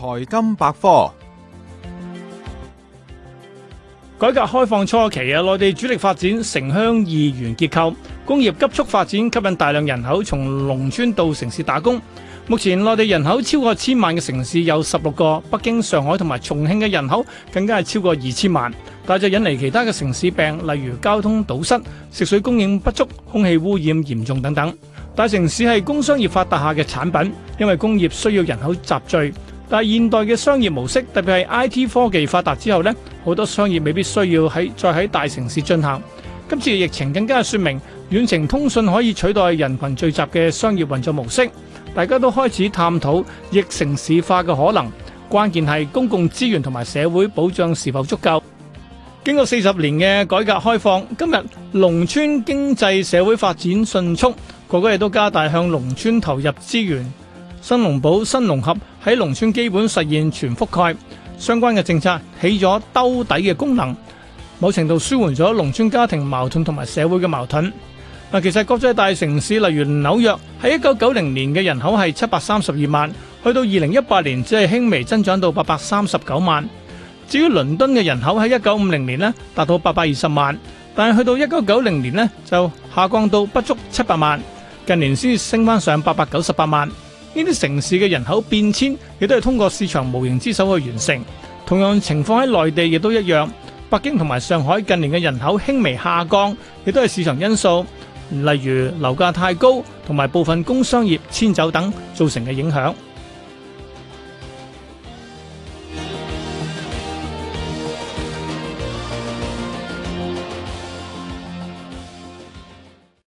財金百科，改革開放初期啊，內地主力發展城鄉二元結構，工業急速發展，吸引大量人口從農村到城市打工。目前內地人口超過千萬嘅城市有十六個，北京、上海同埋重慶嘅人口更加係超過二千萬，但就引嚟其他嘅城市病，例如交通堵塞、食水供應不足、空氣污染嚴重等等。大城市係工商業發達下嘅產品，因為工業需要人口集聚。但係現代嘅商業模式，特別係 IT 科技發達之後咧，好多商業未必需要喺再喺大城市進行。今次疫情更加説明遠程通訊可以取代人群聚集嘅商業運作模式，大家都開始探討逆城市化嘅可能。關鍵係公共資源同埋社會保障是否足夠。經過四十年嘅改革開放，今日農村經濟社會發展迅速，個個亦都加大向農村投入資源。新農保、新農合喺農村基本實現全覆蓋，相關嘅政策起咗兜底嘅功能，某程度舒緩咗農村家庭矛盾同埋社會嘅矛盾。嗱，其實國際大城市例如紐約喺一九九零年嘅人口係七百三十二萬，去到二零一八年只係輕微增長到八百三十九萬。至於倫敦嘅人口喺一九五零年咧達到八百二十萬，但係去到一九九零年咧就下降到不足七百萬，近年先升翻上八百九十八萬。呢啲城市嘅人口變遷，亦都係通過市場無形之手去完成。同樣情況喺內地亦都一樣。北京同埋上海近年嘅人口輕微下降，亦都係市場因素，例如樓價太高同埋部分工商業遷走等造成嘅影響。